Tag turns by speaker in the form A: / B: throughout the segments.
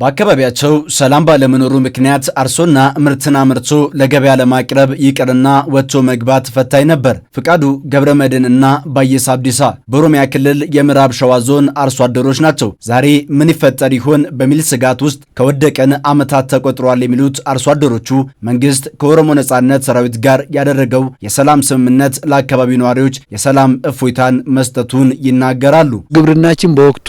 A: በአካባቢያቸው ሰላም ባለመኖሩ ምክንያት አርሶና ምርትን አምርቶ ለገበያ ለማቅረብ ይቅርና ወጥቶ መግባት ፈታኝ ነበር። ፍቃዱ ገብረ መድህንና ባየስ አብዲሳ በኦሮሚያ ክልል የምዕራብ ሸዋ ዞን አርሶ አደሮች ናቸው። ዛሬ ምን ይፈጠር ይሆን በሚል ስጋት ውስጥ ከወደቀን ዓመታት ተቆጥሯል የሚሉት አርሶ አደሮቹ መንግስት ከኦሮሞ ነጻነት ሰራዊት ጋር ያደረገው የሰላም ስምምነት ለአካባቢው ነዋሪዎች የሰላም እፎይታን መስጠቱን ይናገራሉ።
B: ግብርናችን በወቅቱ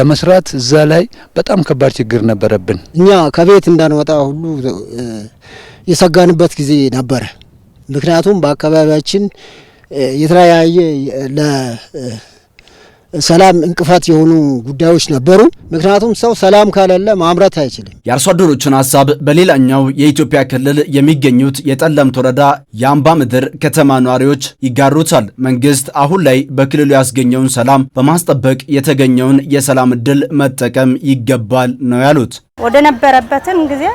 B: ለመስራት እዛ ላይ በጣም ከባድ ችግር ችግር ነበረብን።
C: እኛ ከቤት እንዳንወጣ ሁሉ የሰጋንበት ጊዜ ነበረ። ምክንያቱም በአካባቢያችን የተለያየ ሰላም እንቅፋት የሆኑ ጉዳዮች ነበሩ። ምክንያቱም ሰው ሰላም ካለለ ማምረት አይችልም።
A: የአርሶ አደሮችን ሀሳብ በሌላኛው የኢትዮጵያ ክልል የሚገኙት የጠለምት ወረዳ የአምባ ምድር ከተማ ነዋሪዎች ይጋሩታል። መንግስት አሁን ላይ በክልሉ ያስገኘውን ሰላም በማስጠበቅ የተገኘውን የሰላም እድል መጠቀም ይገባል ነው ያሉት።
D: ወደ ነበረበትን ጊዜ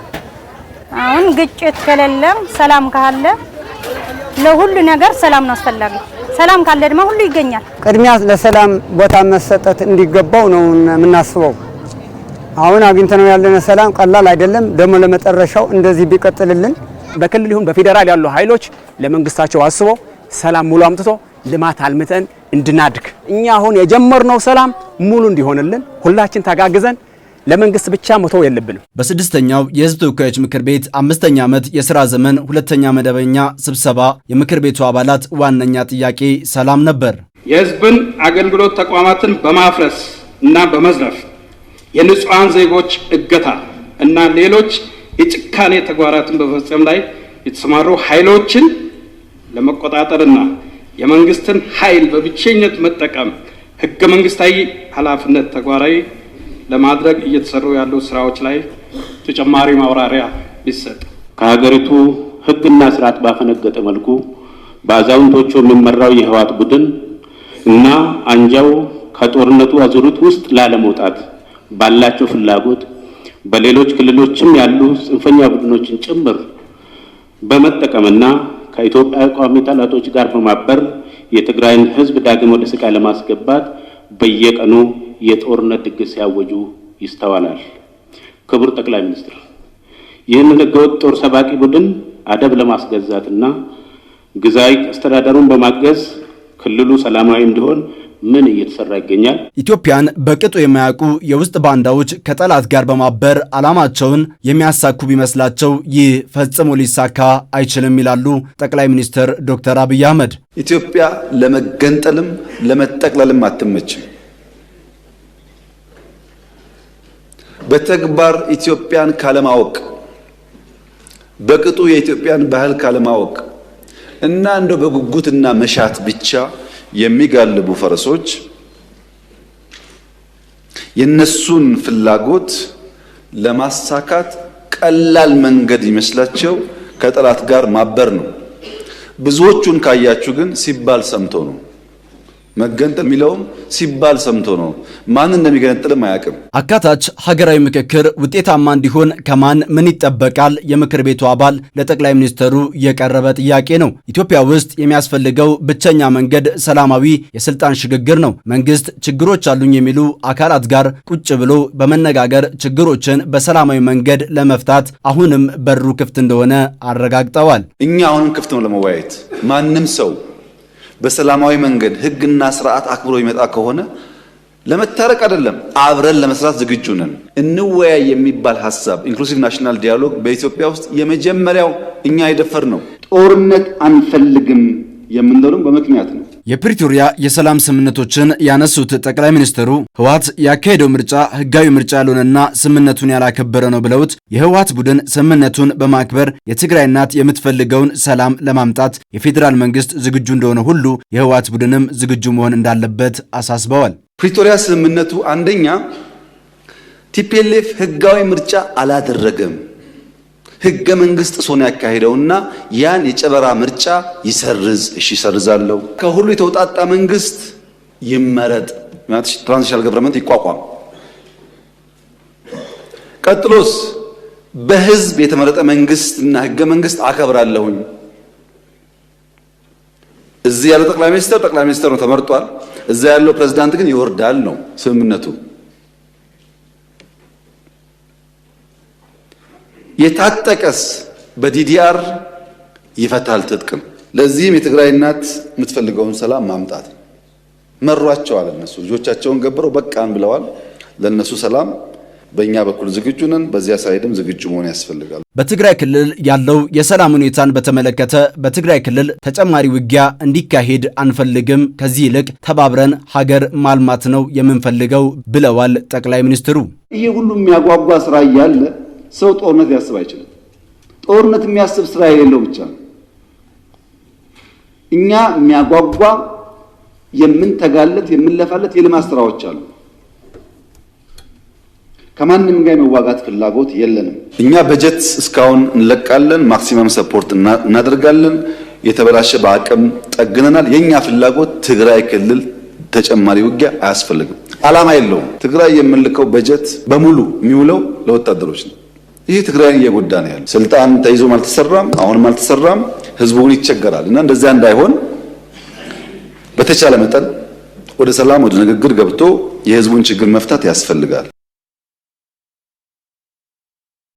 D: አሁን ግጭት ከሌለም ሰላም ካለ ለሁሉ ነገር ሰላም ነው አስፈላጊ ሰላም ካለ ድማ ሁሉ ይገኛል።
E: ቅድሚያ ለሰላም ቦታ መሰጠት እንዲገባው ነው የምናስበው። አሁን አግኝተነው ያለነ ሰላም ቀላል አይደለም። ደግሞ ለመጨረሻው እንደዚህ ቢቀጥልልን
A: በክልል ይሁን በፌዴራል ያሉ ኃይሎች ለመንግስታቸው አስቦ ሰላም ሙሉ አምጥቶ ልማት አልምተን እንድናድግ እኛ አሁን የጀመርነው ሰላም ሙሉ እንዲሆንልን ሁላችን ተጋግዘን ለመንግስት ብቻ መተው የለብንም። በስድስተኛው የህዝብ ተወካዮች ምክር ቤት አምስተኛ ዓመት የስራ ዘመን ሁለተኛ መደበኛ ስብሰባ የምክር ቤቱ አባላት ዋነኛ ጥያቄ ሰላም ነበር።
F: የህዝብን አገልግሎት ተቋማትን በማፍረስ እና በመዝረፍ የንጹሐን ዜጎች እገታ እና ሌሎች የጭካኔ ተግባራትን በመፈጸም ላይ የተሰማሩ ኃይሎችን ለመቆጣጠርና የመንግስትን ኃይል በብቸኝነት መጠቀም ህገ መንግስታዊ ኃላፊነት ተግባራዊ ለማድረግ እየተሰሩ ያሉ ስራዎች ላይ ተጨማሪ ማብራሪያ ቢሰጥ።
G: ከሀገሪቱ ህግና ስርዓት ባፈነገጠ መልኩ በአዛውንቶቹ የሚመራው የህወሓት ቡድን እና አንጃው ከጦርነቱ አዙሪት ውስጥ ላለመውጣት ባላቸው ፍላጎት በሌሎች ክልሎችም ያሉ ጽንፈኛ ቡድኖችን ጭምር በመጠቀምና ከኢትዮጵያ ቋሚ ጠላቶች ጋር በማበር የትግራይን ህዝብ ዳግም ወደ ስቃይ ለማስገባት በየቀኑ የጦርነት ድግስ ሲያወጁ ይስተዋላል። ክቡር ጠቅላይ ሚኒስትር፣ ይህንን ህገወጥ ጦር ሰባቂ ቡድን አደብ ለማስገዛትና ግዛዊ አስተዳደሩን በማገዝ ክልሉ ሰላማዊ እንዲሆን ምን እየተሰራ ይገኛል?
A: ኢትዮጵያን በቅጡ የማያውቁ የውስጥ ባንዳዎች ከጠላት ጋር በማበር ዓላማቸውን የሚያሳኩ ቢመስላቸው ይህ ፈጽሞ ሊሳካ አይችልም ይላሉ ጠቅላይ ሚኒስትር ዶክተር አብይ አህመድ።
H: ኢትዮጵያ ለመገንጠልም ለመጠቅለልም አትመችም። በተግባር ኢትዮጵያን ካለማወቅ በቅጡ የኢትዮጵያን ባህል ካለማወቅ እና እንደው በጉጉትና መሻት ብቻ የሚጋልቡ ፈረሶች የነሱን ፍላጎት ለማሳካት ቀላል መንገድ ይመስላቸው ከጠላት ጋር ማበር ነው። ብዙዎቹን ካያችሁ ግን ሲባል ሰምቶ ነው። መገንጠል የሚለውም ሲባል ሰምቶ ነው። ማን እንደሚገነጥልም አያውቅም።
A: አካታች ሀገራዊ ምክክር ውጤታማ እንዲሆን ከማን ምን ይጠበቃል? የምክር ቤቱ አባል ለጠቅላይ ሚኒስትሩ የቀረበ ጥያቄ ነው። ኢትዮጵያ ውስጥ የሚያስፈልገው ብቸኛ መንገድ ሰላማዊ የስልጣን ሽግግር ነው። መንግስት ችግሮች አሉኝ የሚሉ አካላት ጋር ቁጭ ብሎ በመነጋገር ችግሮችን በሰላማዊ መንገድ ለመፍታት አሁንም በሩ ክፍት እንደሆነ አረጋግጠዋል።
H: እኛ አሁንም ክፍት ነው ለመወያየት ማንም ሰው በሰላማዊ መንገድ ህግና ስርዓት አክብሮ ይመጣ ከሆነ ለመታረቅ አይደለም አብረን ለመስራት ዝግጁ ነን። እንወያይ የሚባል ሀሳብ ኢንክሉሲቭ ናሽናል ዲያሎግ በኢትዮጵያ ውስጥ የመጀመሪያው እኛ የደፈር ነው። ጦርነት አንፈልግም የምንለውም በምክንያት ነው።
A: የፕሪቶሪያ የሰላም ስምምነቶችን ያነሱት ጠቅላይ ሚኒስትሩ ህወሓት ያካሄደው ምርጫ ህጋዊ ምርጫ ያልሆነና ስምምነቱን ያላከበረ ነው ብለውት የህወሓት ቡድን ስምምነቱን በማክበር የትግራይ እናት የምትፈልገውን ሰላም ለማምጣት የፌዴራል መንግስት ዝግጁ እንደሆነ ሁሉ የህወሓት ቡድንም ዝግጁ መሆን እንዳለበት አሳስበዋል።
H: ፕሪቶሪያ ስምምነቱ አንደኛ ቲፒኤልኤፍ ህጋዊ ምርጫ አላደረገም ህገ መንግስት ሶን ያካሄደውና ያን የጨበራ ምርጫ ይሰርዝ። እሺ ይሰርዛለው። ከሁሉ የተውጣጣ መንግስት ይመረጥ። ትራንዚሽናል ገቨርንመንት ይቋቋም። ቀጥሎስ በህዝብ የተመረጠ መንግስትና ህገ መንግስት አከብራለሁኝ። እዚህ ያለው ጠቅላይ ሚኒስትር ጠቅላይ ሚኒስትር ነው፣ ተመርጧል። እዛ ያለው ፕሬዝዳንት ግን ይወርዳል ነው ስምምነቱ። የታጠቀስ በዲዲአር ይፈታል ነው። ለዚህም የትግራይ እናት የምትፈልገውን ሰላም ማምጣት መሯቸዋል። እነሱ ልጆቻቸውን ገብረው በቃን ብለዋል። ለእነሱ ሰላም በእኛ በኩል ዝግጁ ነን። በዚያ ሳይድም ዝግጁ መሆን ያስፈልጋል።
A: በትግራይ ክልል ያለው የሰላም ሁኔታን በተመለከተ በትግራይ ክልል ተጨማሪ ውጊያ እንዲካሄድ አንፈልግም፣ ከዚህ ይልቅ ተባብረን ሀገር ማልማት ነው የምንፈልገው ብለዋል ጠቅላይ ሚኒስትሩ።
I: ይሄ ሁሉ የሚያጓጓ ስራ እያለ ሰው ጦርነት ሊያስብ አይችልም። ጦርነት የሚያስብ ስራ የሌለው ብቻ ነው። እኛ የሚያጓጓ የምንተጋለት የምንለፋለት የልማት ስራዎች አሉ። ከማንም ጋር የመዋጋት ፍላጎት የለንም።
J: እኛ በጀት እስካሁን እንለቃለን፣ ማክሲመም ሰፖርት እናደርጋለን። የተበላሸ በአቅም ጠግነናል። የእኛ ፍላጎት ትግራይ ክልል ተጨማሪ ውጊያ አያስፈልግም። አላማ የለውም። ትግራይ የምንልከው በጀት በሙሉ የሚውለው ለወታደሮች ነው። ይህ ትግራይን እየጎዳ ነው ያለው። ስልጣን ተይዞም አልተሰራም፣ አሁንም አልተሰራም። ህዝቡ ግን ይቸገራል እና እንደዚያ እንዳይሆን በተቻለ መጠን ወደ ሰላም ወደ ንግግር ገብቶ የህዝቡን ችግር መፍታት ያስፈልጋል።